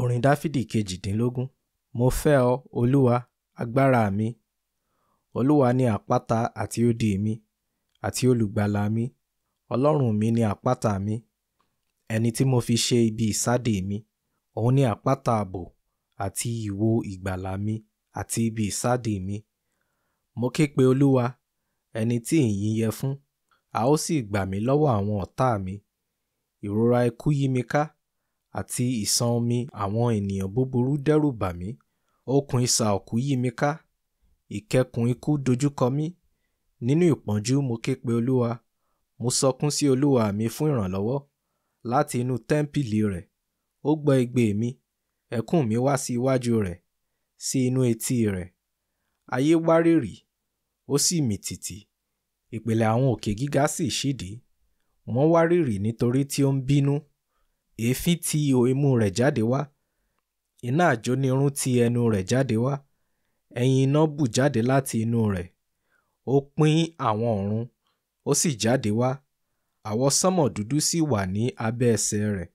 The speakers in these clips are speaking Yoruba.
orin dáfídì kejìdínlógún mo fẹ́ ọ olúwa agbára mi olúwa ni àpáta àti odi mi àti olùgbàlà mi ọlọ́run mi ni àpáta mi ẹni tí mo fi ṣe ibi ìsáde mi òun ni àpáta ààbò àti ìwo ìgbàlà mi àti ibi ìsáde mi mo ké pe olúwa ẹni tí ìyìn yẹ fún a ó sì gbà mí lọ́wọ́ àwọn ọ̀tá mi ìrora ikú yí mi ká àti ìṣàn omi àwọn ènìyàn búburú dẹ́rù bà mí okùn isà òkú yí mi ká ìkẹkùn ikú dojúkọ mí nínú ìpọ́njú mo ké pe olúwa mo sọkún sí olúwa mi fún ìrànlọ́wọ́ láti inú tẹ́ḿpìlì rẹ̀ ó gbọ́ igbe mi ẹkún mi wá sí iwájú rẹ̀ sí inú etí rẹ̀ ayé wárìrì ó sì mì tìtì ìpìlẹ̀ àwọn òkè gíga sì ṣídìí wọ́n wárìrì nítorí tí ó ń bínú èéfín ti ihò imú rẹ̀ jáde wá iná àjónirún ti ẹnu rẹ̀ jáde wá ẹ̀yin iná bù jáde láti inú rẹ̀ ó pín àwọn ọ̀run ó sì jáde wá àwọ sánmọ̀ dúdú sì wà ní abẹ́ ẹsẹ̀ rẹ̀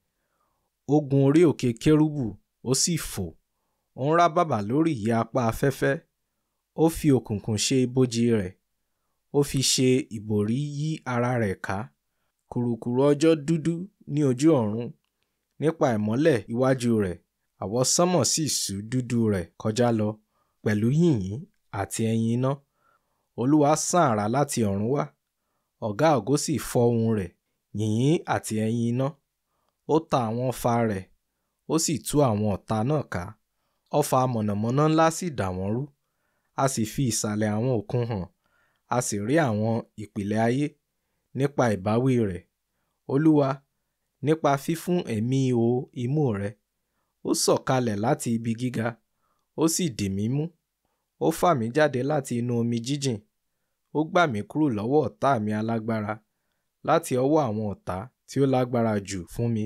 ó gun orí òkè kérúbù ó sì fò ó ń rábàbà lórí ìyẹ́ apá afẹ́fẹ́ ó fi òkùnkùn ṣe ibojì rẹ̀ ó fi ṣe ìbòrí yí ara rẹ̀ ká kùrukùru ọjọ́ dúdú ní ojú ọ̀run nípa ìmọ́lẹ̀ iwájú rẹ̀ àwọ̀ sánmọ̀ sì sú dúdú rẹ̀ kọjá lọ pẹ̀lú yìnyín àti ẹ̀yìn iná. Olúwa sán àrá láti ọ̀run wá ọ̀gá-ògo sì fọ́ ohùn rẹ̀ yìnyín àti ẹ̀yìn iná. Ó ta àwọn ọfà rẹ̀ ó sì tú àwọn ọ̀tá náà ká ọfà mọ̀nàmọ́ná ńlá sì dà wọ́n rú a sì fi ìsàlẹ̀ àwọn òkun hàn a sì rí àwọn ìpìlẹ̀ ayé nípa ìbáwí rẹ̀ olúwa nípa fífún èémí o imú rẹ̀ ó sọ̀kalẹ̀ láti ibi gíga ó sì dì mí mú ó fà mí jáde láti inú omi jíjìn ó gbà mí kúrò lọ́wọ́ ọ̀tá mi alágbára láti ọwọ́ àwọn ọ̀tá tí ó lágbára jù fún mi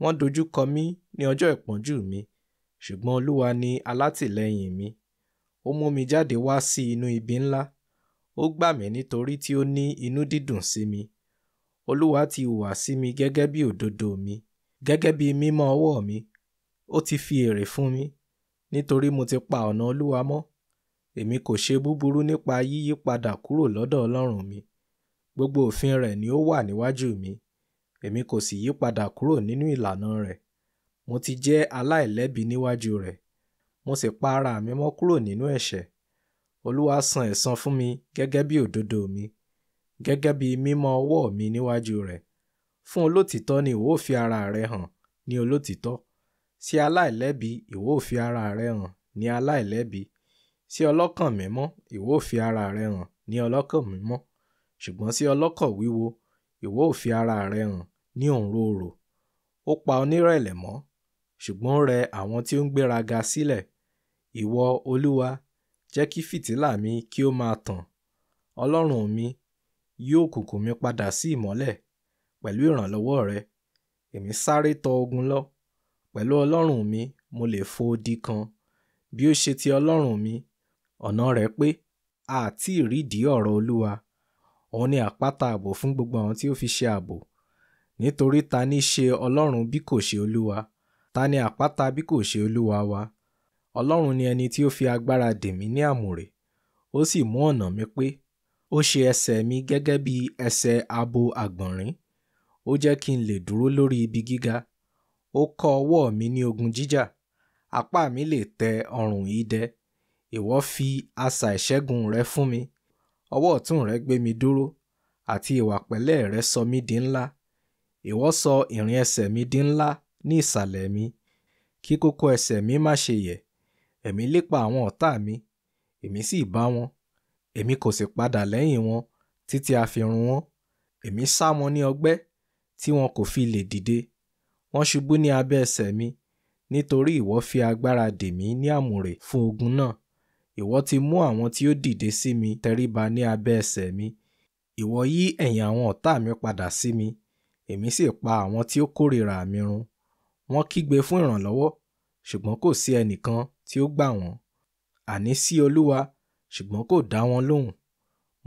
wọ́n dojú kọ mí ní ọjọ́ ìpọ́njú mi ṣùgbọ́n olúwa ni alátìlẹ́yìn mi ó mú mi jáde wá sí inú ibi ńlá ó gbà mí nítorí tí ó ní inú dídùn sí mi olúwa ti hùwà sí mi gẹ́gẹ́ bí òdodo mi gẹ́gẹ́ bí mímọ́ ọwọ́ mi ó ti fi èrè fún mi nítorí mo ti pa ọ̀nà olúwa mọ́ èmi kò ṣe búburú nípa yíyí kúrò lọ́dọ̀ ọlọ́run mi gbogbo òfin rẹ̀ ni ó wà níwájú mi èmi kò sì yí padà kúrò nínú ìlànà rẹ̀ mo ti jẹ́ aláìlẹ́bi níwájú rẹ̀ mo sì pa ara mi mọ́ kúrò nínú ẹ̀ṣẹ̀ olúwa san ẹ̀san fún mi gẹ́gẹ́ bí òdodo mi gẹ́gẹ́ bí mímọ ọwọ́ mi níwájú rẹ̀ fún olótìtọ́ ni ìwọ ó fi ara rẹ hàn ní olótìtọ́ sí aláìlẹ́bi ìwọ ó fi ara rẹ hàn ní aláìlẹ́bi sí ọlọ́kàn mímọ́ ìwọ ó fi ara rẹ hàn ní ọlọ́kàn mímọ́ ṣùgbọ́n sí ọlọ́kàn wíwo ìwọ ó fi ara rẹ hàn ní òǹrorò ó pa onírẹ̀lẹ̀ mọ́ ṣùgbọ́n rẹ àwọn tí ó ń gbéraga sílẹ̀ ìwọ olúwa jẹ́ kí fìtílà mi kí ó máa tàn ọlọ́run mi yí òkùnkùn mi padà sí ìmọ́lẹ̀ pẹ̀lú ìrànlọ́wọ́ rẹ èmi sáré tọ ogun lọ pẹ̀lú ọlọ́run mi mo lè fo odi kan bí ó ṣe ti ọlọ́run mi ọ̀nà rẹ̀ pé a ti rídìí ọ̀rọ̀ olúwa òun ni àpáta ààbò fún gbogbo àwọn tí ó fi ṣe ààbò nítorí ta ní ṣe ọlọ́run bí kò ṣe olúwa ta ni àpáta bí kò ṣe olúwa wa ọlọ́run ni ẹni tí ó fi agbára dè mí ní àmùrè ó sì mú ọ̀nà mi pé Ó ṣe ẹsẹ̀ mi gẹ́gẹ́ bí ẹsẹ̀ abo àgbọ̀nrín, ó jẹ́ kí n lè dúró lórí ibi gíga, ó kọ́ ọwọ́ mi ní ogun jíjà, apá mi lè tẹ ọrùn idẹ, ìwọ fi asà ìṣẹ́gun rẹ fún mi, ọwọ́ ọ̀tún rẹ gbé mi dúró, àti ìwà pẹ̀lẹ́ rẹ sọ mí di ńlá, ìwọ sọ ìrìn ẹsẹ̀ mi di ńlá ní ìsàlẹ̀ mi, kí kókó ẹsẹ̀ mi má ṣe yẹ̀, èmi lépa àwọn ọ̀tá mi, èmi sì bá wọn èmi kò sì padà lẹ́yìn wọn títí a fi run wọn èmi sá wọn ní ọgbẹ́ tí wọn kò fi lè dìde wọ́n ṣubú ní abẹ́ ẹsẹ̀ mi nítorí ìwọ fi agbára dè mí ní àmùrè fún ogun náà ìwọ ti mú àwọn tí ó dìde sí mi tẹríba ní abẹ́ ẹsẹ̀ mi ìwọ yí ẹ̀yìn àwọn ọ̀tá mi padà sí mi èmi sì pa àwọn tí ó kórìíra mi run wọ́n kígbe fún ìrànlọ́wọ́ ṣùgbọ́n kò sí ẹnìkan tí ó gbà wọ́n àní sí olúwa ṣùgbọ́n kò dá wọn lóhùn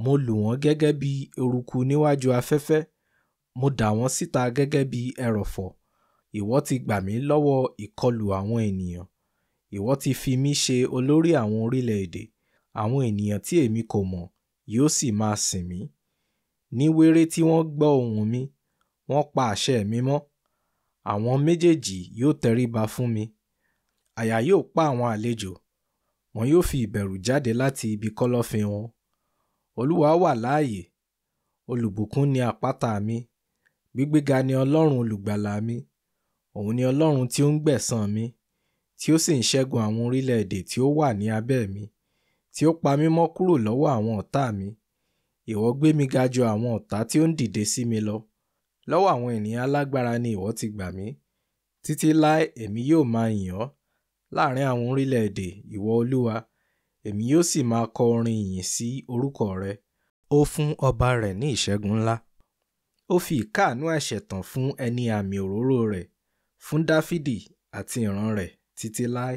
mo lù wọ́n gẹ́gẹ́ bí eruku níwájú afẹ́fẹ́ mo dà wọ́n síta gẹ́gẹ́ bí ẹrọ̀fọ̀ ìwọ ti gbà mí lọ́wọ́ ìkọlù àwọn ènìyàn ìwọ ti fi mí ṣe olórí àwọn orílẹ̀-èdè àwọn ènìyàn tí èmi kò mọ̀ yóò sì máa sìn mí ní wéré tí wọ́n gbọ́ ohùn mi wọ́n pa àṣẹ mi mọ́ àwọn méjèèjì yóò tẹríba fún mi àyà yóò pa àwọn àlejò wọn yóò fi ìbẹ̀rù jáde láti ibi kọ́lọ́fín wọn. Olúwa wà láàyè. Olùbùkún ni àpáta mi. Gbígbéga ni Ọlọ́run olùgbàlà mi. Òun ni Ọlọ́run tí ó ń gbẹ̀san mi, tí ó sì ń ṣẹ́gun àwọn orílẹ̀-èdè tí ó wà ní abẹ́ mi, tí ó pa mí mọ́ kúrò lọ́wọ́ àwọn ọ̀tá mi. Ìwọ gbé mi ga ju àwọn ọ̀tá tí ó ń dìde sí mi lọ. Lọ́wọ́ àwọn ènìyàn alágbára ni ìwọ ti gbà mí. Títí láé èmi yóò máa yìn ọ́ láàárín àwọn orílẹ̀-èdè ìwọ̀ oòduà èmi yóò sì máa kọ orin ìyìn sí orúkọ rẹ ó fún ọba rẹ̀ ní ìṣẹ́gun ńlá ó fi ìkáàánú ẹ̀ṣẹ̀ tán fún ẹni àmì òróró rẹ̀ fún dáfídì àti ìran rẹ̀ títí láé